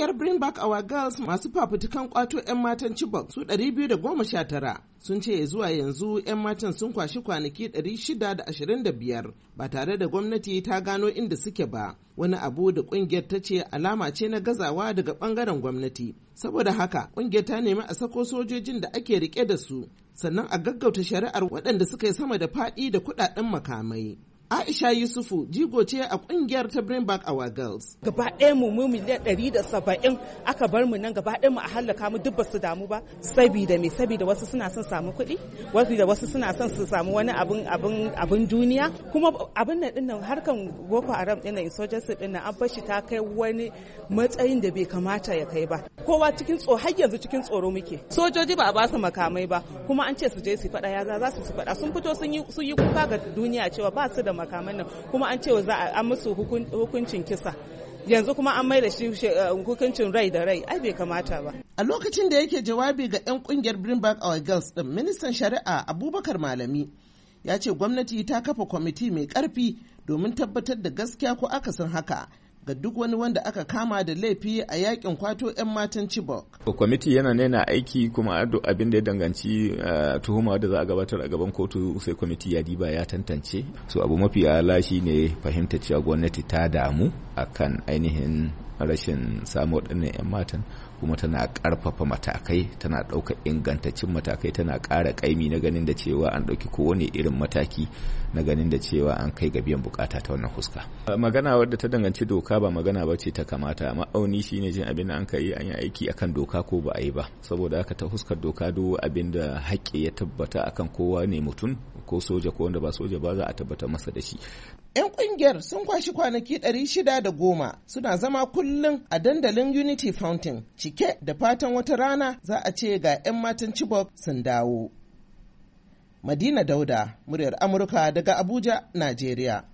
Kungiyar Bring Back Our Girls masu fafutukan kwato 'yan matan Chibok su 219 sun ce zuwa yanzu 'yan matan sun kwashi kwanaki 625 ba tare da gwamnati ta gano inda suke ba. Wani abu da kungiyar ta ce alama ce na gazawa daga bangaren gwamnati. Saboda haka kungiyar ta nemi a sako sojojin da ake rike da su sannan a gaggauta shari'ar waɗanda suka yi sama da faɗi da kuɗaɗen makamai. Aisha Yusufu jigo ce a kungiyar ta Bring Back Our Girls. Gaba ɗaya mu mu miliyan ɗari da saba'in aka bar mu nan gaba ɗaya mu a hallaka mu duk basu damu ba sabida me wasu suna son samu kuɗi wasu da wasu suna son su samu wani abin abin abin duniya kuma abin nan din nan harkan Boko Haram ɗin nan insurgency ɗin nan an bashi ta kai wani matsayin da bai kamata ya kai ba. Kowa cikin tsoro har yanzu cikin tsoro muke. Sojoji ba a ba makamai ba kuma an ce su je su faɗa ya za su su faɗa sun fito sun yi kuka ga duniya cewa ba su da makaman nan kuma an ce za a musu hukuncin kisa yanzu kuma an mai da shi eh, hukuncin rai da rai ai bai kamata ba a lokacin da yake jawabi ga 'yan kungiyar bring back our girls din ministan shari'a abubakar malami ya ce gwamnati ta kafa kwamiti mai karfi domin tabbatar da gaskiya ko akasin haka ga duk wani wanda aka kama da laifi a yakin kwato 'yan matan Chibok. Kwamiti yana nena aiki kuma abin da ya danganci eh, tuhuma da za a gabatar a gaban kotu sai kwamiti ya diba ya tantance. So abu mafi ala shi ne fahimta cewa gwamnati ta damu akan ainihin rashin samu waɗannan 'yan matan kuma tana ƙarfafa matakai tana ɗauka ingantaccen matakai tana ƙara ƙaimi na ganin da cewa an ɗauki kowane irin mataki na ganin da cewa an kai ga biyan bukata ta wannan fuska. magana wadda ta danganci doka ba magana ba ce ta kamata ma'auni shine jin abin da an kai an yi aiki akan doka ko ba a yi ba saboda haka ta huskar doka duk abin da haƙƙi ya tabbata akan kowa ne mutum ko soja ko wanda ba soja ba za a tabbatar masa da shi 'yan ƙungiyar sun kwashi kwanaki 610 suna zama kullum a dandalin unity fountain cike da fatan wata rana za a ce ga 'yan matan chibok sun dawo madina dauda muryar amurka daga abuja najeriya